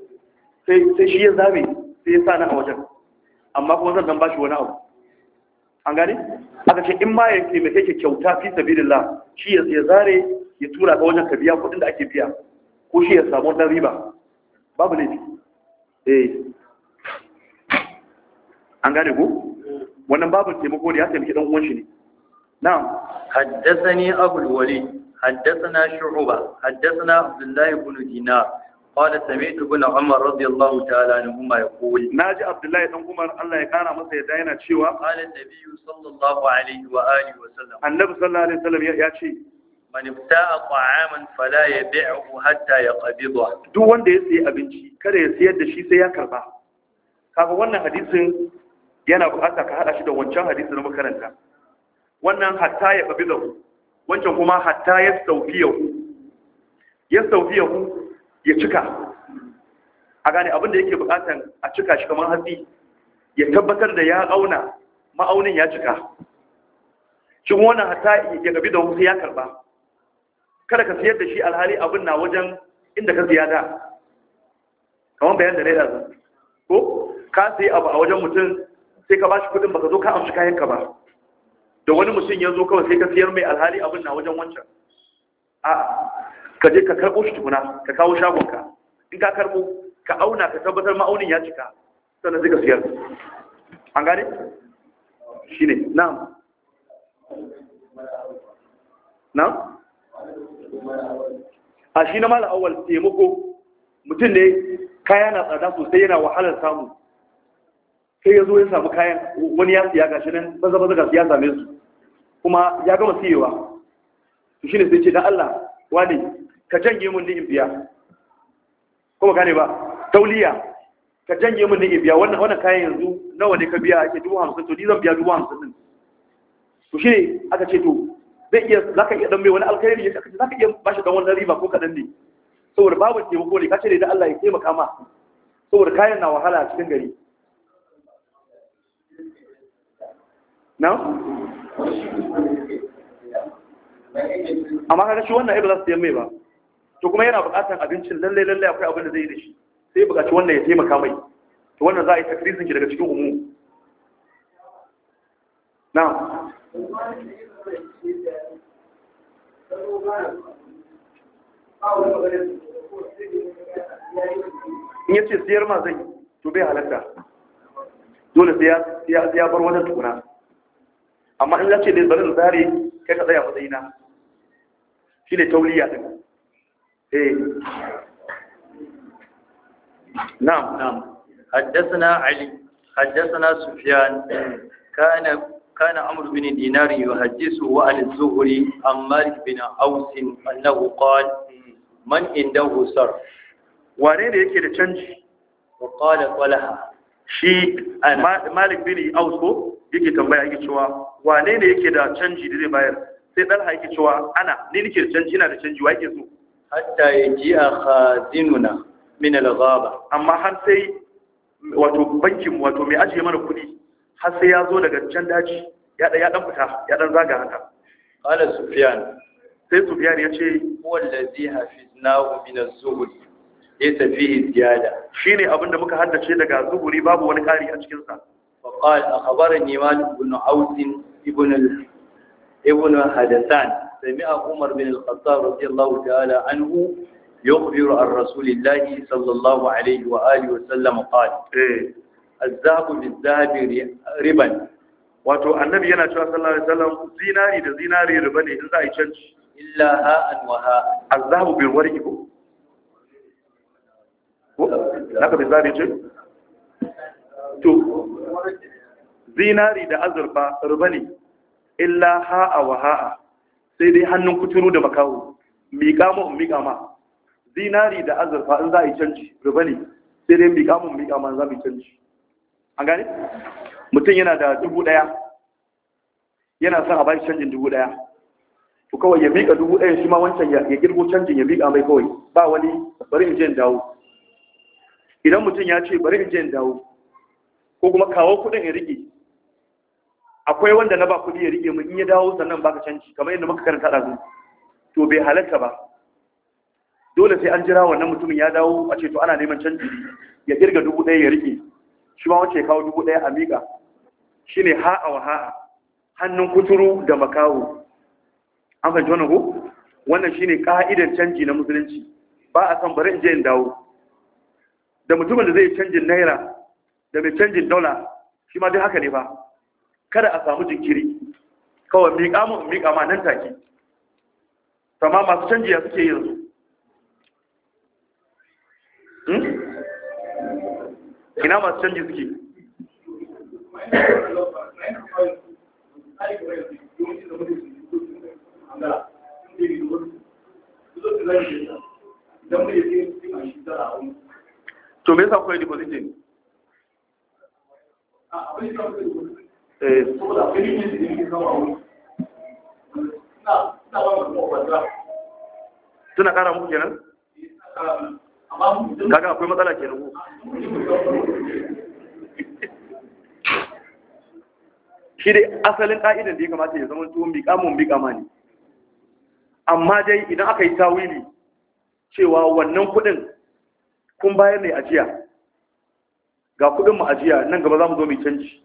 sai shi ya zame sai ya sa na a wajen amma kuma zan ba shi wani abu an gane aka ce in ma ya taimake ke kyauta fi sabilillah shi ya zare ya tura ka wajen ka biya kuɗin da ake biya ko shi ya samu dan riba babu laifi eh an gane ko wannan babu taimako ne ya taimake dan uwan shi ne na'am haddathani abul walid haddathana shu'ba haddathana abdullahi ibn dinar قال سمعت ابن عمر رضي الله تعالى عنهما يقول ناجي عبد الله بن عمر الله يكرم masa ya daina cewa قال النبي صلى الله عليه واله وسلم النبي صلى الله عليه وسلم ya ce man ibta'a ta'aman fala yabi'hu hatta yaqbidahu duk wanda ya sayi abinci kada ya sayar da shi sai ya karba kaga wannan hadisin yana buƙatar ka hada shi da wancan hadisin na makaranta wannan hatta ya qabidahu wancan kuma hatta ya sauki yau? ya sauki yau. ya cika a gane abinda yake bukatan a cika shi kamar hatsi ya tabbatar da ya auna ma'aunin ya cika shi wani hata ya gabi da wasu ya karba kada ka siyar da shi alhali abin na wajen inda ka ziyada kamar bayan da naira ko ka sayi abu a wajen mutum sai ka bashi kudin baka zo ka amshi kayan ka ba da wani mutum ya zo kawai sai ka siyar mai alhali abin na wajen wancan a ka je ka karɓo shi tukuna ka kawo shagonka in ka karɓo ka auna ka tabbatar ma'aunin ya cika sannan zai ka siyar an gane shi ne na na a shi na mala awal taimako mutum ne kaya na tsada sosai yana wahalar samu sai ya zo ya samu kayan wani ya siya gashi nan ba zaba gashi ya same su kuma ya gama siyewa shi ne sai ce da Allah wani ka janye mun ni in biya kuma gane ba tauliya ka janye mun ni in biya wannan wannan kayan yanzu nawa ne ka biya ake dubu hamsin to ni zan biya dubu hamsin din to shi aka ce to zai iya za ka iya dan mai wani alkhairi ya ce za ka iya bashi dan wani riba ko kaɗan ne saboda babu taimako ne ka ce da Allah ya taimaka ma saboda kayan na wahala a cikin gari na? amma kaga shi wannan ibu za su mai ba to kuma yana buƙatar abincin lalle lalle akwai abin da zai yi da shi sai buƙaci wannan ya taimaka mai to wannan za a yi takrizin ki daga cikin umu na in yace siyar ma zai to bai halatta dole sai ya bar wannan tukuna amma in ya ce dai bari zari kai ka tsaya matsayina shi ne tauliya din نعم نعم حدثنا علي حدثنا سفيان كان كان عمرو بن دينار يحدثه عن الزهري عن مالك بن اوس انه قال من عنده صرف wane da yake da canji wa qala talaha shi malik bin aus ko yake tambaya yake cewa wane ne yake da canji da zai bayar sai dalha yake cewa ana ni nake da canji ina da canji wa yake so hatta yaji a khazinuna min al-ghaba amma har sai wato bankin wato mai ajiye mana kuɗi har sai ya zo daga can daji ya dan ya dan fita ya dan zaga haka qala sufyan sai sufyan ya ce wallazi hafiznahu min az-zuhd laysa fihi ziyada shine abinda muka haddace daga zuhuri babu wani kari a cikin sa فقال أخبرني مالك بن عوس ابن ال... ابن حدثان سمع عمر بن الخطاب رضي الله تعالى عنه يخبر عن رسول الله صلى الله عليه وآله وسلم قال ربا wato annabi yana cewa sallallahu alaihi wasallam zinari da zinari riba ne in za a yi canci illa ha'an wa ha azabu bil warqi ko naka ce to zinari da azurfa riba ne illa ha'a wa ha'a sai dai hannun kuturu da makaho miƙa mu miƙa ma zinari da azurfa in za a yi canji riba ne sai dai miƙa mu miƙa ma za mu yi canji an gane mutum yana da dubu ɗaya yana son a bashi canjin dubu ɗaya to kawai ya miƙa dubu ɗaya shi ma wancan ya girgo canjin ya miƙa mai kawai ba wani bari in je in dawo idan mutum ya ce bari in je in dawo ko kuma kawo kuɗin in riƙe akwai wanda na ba kuɗi ya rike mu in ya dawo sannan baka canci kamar yadda muka karanta dazu to bai halatta ba dole sai an jira wannan mutumin ya dawo a ce to ana neman canci ya kirga dubu ɗaya ya rike shi ma wacce ya kawo dubu ɗaya a miƙa shi ne ha'a wa ha'a hannun kuturu da makawo an fahimci wannan ko wannan shi ne ƙa'idar canji na musulunci ba a san bari in je in dawo da mutumin da zai canjin naira da mai canjin dola shi ma duk haka ne ba kada a samu jinkiri kawai miƙa mu miƙa ma nan take kuma masu canjiya suke yanzu hmm? ina masu canji suke to me yasa kuwa yi deposit ah, ne? Eh. suna kara muku kenan eh, kaga akwai matsala kenan ku ah, shi dai asalin ka'idan da ya kamata ya zama tuwon bika mun bika ma ne amma dai idan aka yi tawili cewa wannan kuɗin kun bayar ne ajiya ga kuɗin mu ajiya nan gaba za mu zo mai canji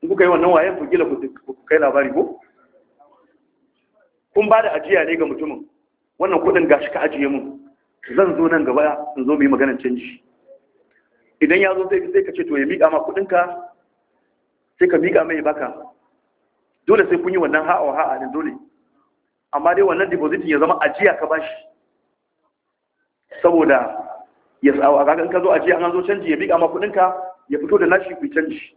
Ku kuka yi wannan wayan ku gila ku kai labari ko kun ba da ajiya ne ga mutumin wannan kudin gashi ka ajiye mun zan zo nan gaba in zo mu yi maganar canji idan ya zo sai ka ce to ya miƙa ma ka sai ka miƙa mai baka dole sai kun yi wannan ha'a ha'a ne dole amma dai wannan deposit ya zama ajiya ka bashi saboda ya tsawo a ka zo ajiya an zo canji ya miƙa ma ka ya fito da nashi ku canji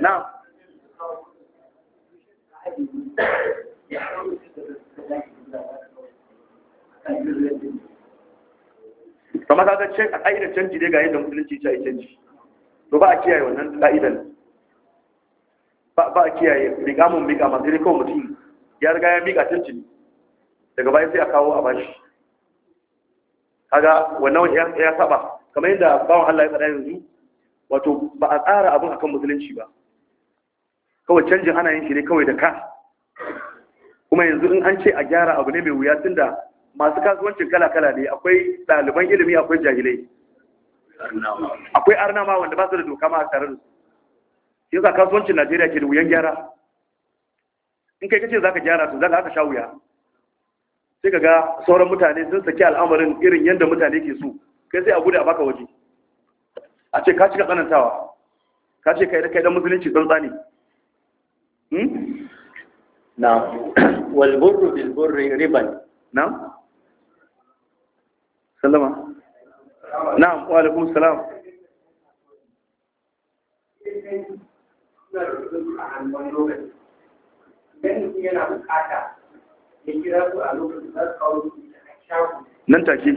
na kama ta can a ƙa'idar canji dai ga yadda musulunci ta yi canji to ba a kiyaye wannan ƙa'idar ba a kiyaye riga mun miƙa masu dai kawai mutum ya riga ya miƙa canji ne daga bayan sai a kawo a bashi kaga wannan ya saba kamar yadda bawan Allah ya tsada yanzu wato ba a tsara abin akan musulunci ba kawai canjin ana yin shi ne kawai da ka kuma yanzu in an ce a gyara abu ne mai wuya tunda masu kasuwancin kala-kala ne akwai ɗaliban ilimi akwai jahilai akwai arnama wanda ba su da doka ma a tare da su a kasuwancin najeriya ke da wuyan gyara in kai kace za ka gyara to za ka sha wuya sai ka ga sauran mutane sun saki al'amarin irin yadda mutane ke so kai sai a gudu a baka waje a ce ka cika tsanantawa ka ce ka yi kai dan musulunci tsantsa ne hmm? na (coughs) walburu bilburu riban na salama na wa alaikum salam nan take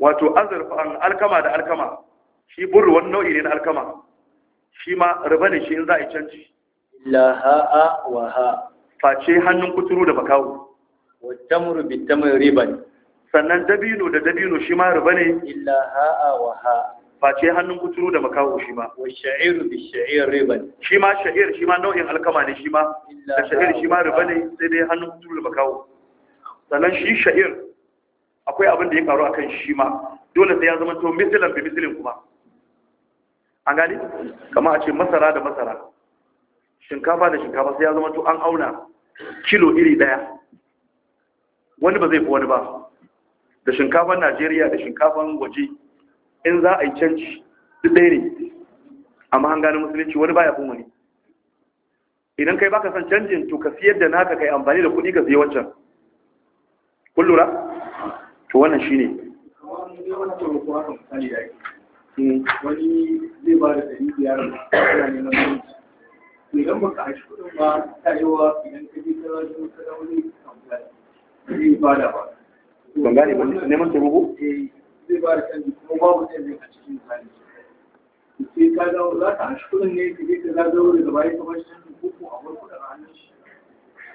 wato azurfa alkama da alkama shi burru wani nau'i ne na alkama shi ma riba ne shi in za a yi canji laha'a wa ha face hannun kuturu da bakawo wa tamru bi tamri riba ne sannan dabino da dabino shi ma riba ne laha'a wa ha face hannun kuturu da makawo shi ma wa sha'iru bi sha'ir riba ne shi ma sha'ir shi ma nau'in alkama ne shi ma da sha'ir shi ma riba ne sai dai hannun kuturu da makawo sannan shi sha'ir akwai abin da ya karu akan shi ma dole sai ya zama to misalan bi misalin kuma an gani kamar a ce masara da masara shinkafa da shinkafa sai ya zama to an auna kilo iri daya wani ba zai fi wani ba da shinkafan najeriya da shinkafan waje in za a yi canci duk ɗaya ne amma an gani musulunci wani baya kuma ne. idan kai baka son canjin to ka siyar da naka kai amfani da kuɗi ka siya wancan kun lura to wannan shi ne wani zai ba da ɗari biyar ana neman idan baka a kuɗin ba ta da idan ka je da zo ka dawo da ka zai ba da ba ban gane ba da taimako zai ah, ba eh, da eh, kuma babu canji a cikin misali sai ka da za ka a da ne ka je da zagayo daga baya da canji ko ko a wani kuɗin hannun shi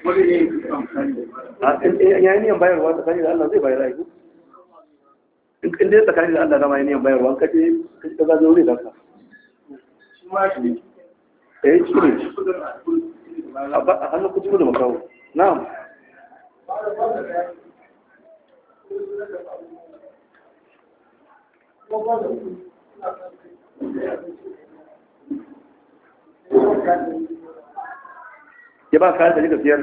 wani ne da fi kan misali da ba da. a da yin bayarwa tsakani da Allah zai bayar da in dai tsakanin da Allah na mai niyan bayarwa ka je ka da ka eh ne a hannun kudu da makawo ya ba ka da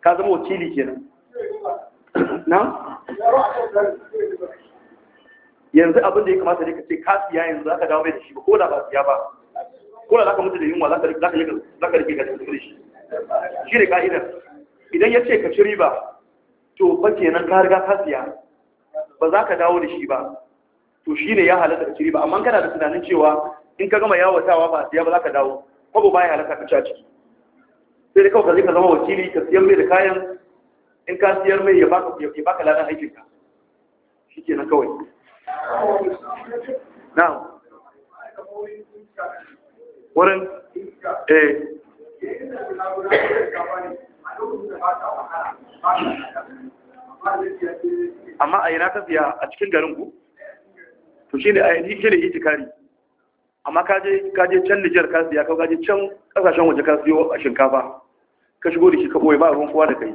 ka zama wakili kenan na yanzu abinda ya kamata ne ka ce ka yanzu za ka dawo mai da shi ba ko da ba siya ba ko da za ka mutu da yunwa za ka rike ga cikin shi shi ne ka'idar idan ya ce ka ci riba to ke nan ka riga ka siya ba za ka dawo da shi ba to shi ne ya halatta ka ci riba amma kana da tunanin cewa in ka gama yawatawa ba siya ba za ka dawo kwabo ba ya halatta ka ci a ciki sai dai kawai zai ka zama wakili ka siyan mai da kayan in ka siyar mai ya baka ya baka shi aikin ka Na kawai na wurin eh amma a yi na tafiya a cikin garin ku to shi ne a eh, yi da ne itikari amma kaje can nijiyar ka siya kawai kaje can kasashen waje ka siyo a shinkafa ka shigo da shi ka boye ba ruwan kowa da kai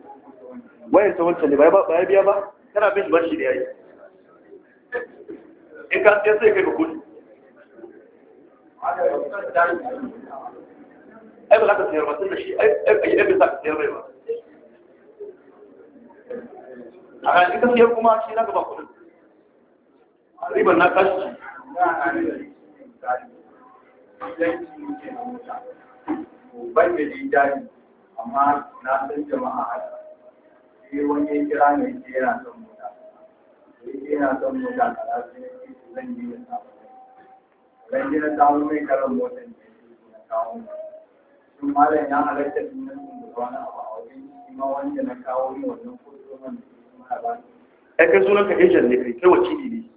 wayan ta wancan ne ba ya biya ba kana bin shi bashi da yayi in ka sai sai kai ka ai ba za ka sayar ba tun da shi ai ɗan bisa ka sayar bai ba a kan ka kuma shi na gaba kudin riban na kashi ban da amma na san jama'a sai wani ya kira mai ce yana son mota sai ce yana son mota kaza sai ya ce zan yi da samu zan je na samu mai karan motar ne na kawo shin malam ya halatta in na sun wani abu a wajen shi ma wanda na kawo ni wannan kusurman da shi ma ba ai kai sunan ka agent ne kai kai wakili ne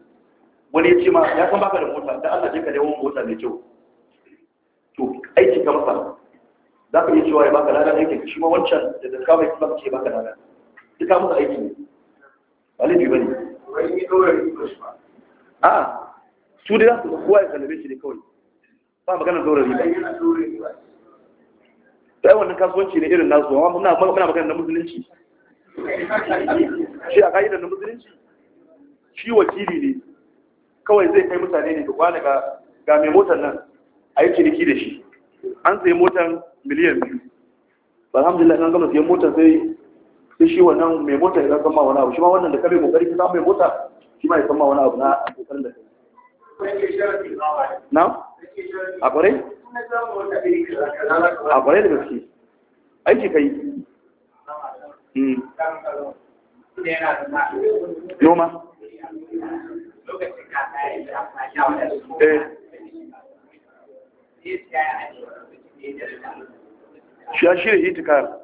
wani ya ce ma ya san baka da mota da Allah je ka dawo mota mai kyau to aiki ka za ka iya cewa ya baka ladan aikin shi ma wancan da da kawai kuma ce baka ladan duk ka musu aiki ne ba laifi ba ne a su dai za su kowa ya kallabe shi ne kawai ba magana zaura riba ta yi wannan kasuwanci ne irin nasu amma muna magana na musulunci shi a ka'idar na musulunci shi wakili ne kawai zai kai mutane ne duk wani ga mai motar nan a yi ciniki da shi an sayi motar miliyan biyu alhamdulillah kan gama sayan motar sai sai shi wannan mai mota ya zama wani abu shi ma wannan da kare kokari ka samu mai mota shi ma ya zama wani abu na kokarin da kai na a kwarai a kwarai da gaske aiki kai hmm. noma eh. shi ya shirya itikar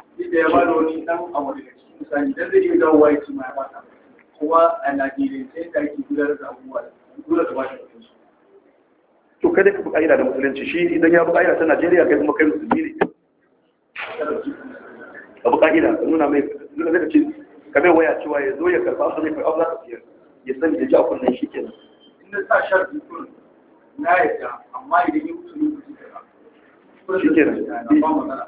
da ya bada wani dan abu daga cikin misali dan zai iya dawo wa yake ma ya bata kuma a Najeriya najeriyance da ake gudanar da abubuwa dole da bashi kuɗin to kada ka buƙa'ida da musulunci shi idan ya buƙa'ida ta najeriya kai kuma kai musulmi ne ka buƙa'ida ka nuna mai nuna zai ce ka mai waya cewa ya zo ya karɓa su zai karɓa za ka siyar ya sani da ji a kunnen shi kenan in na sa sharfi kun na yadda amma idan ya mutu ne ku ji karɓa shi kenan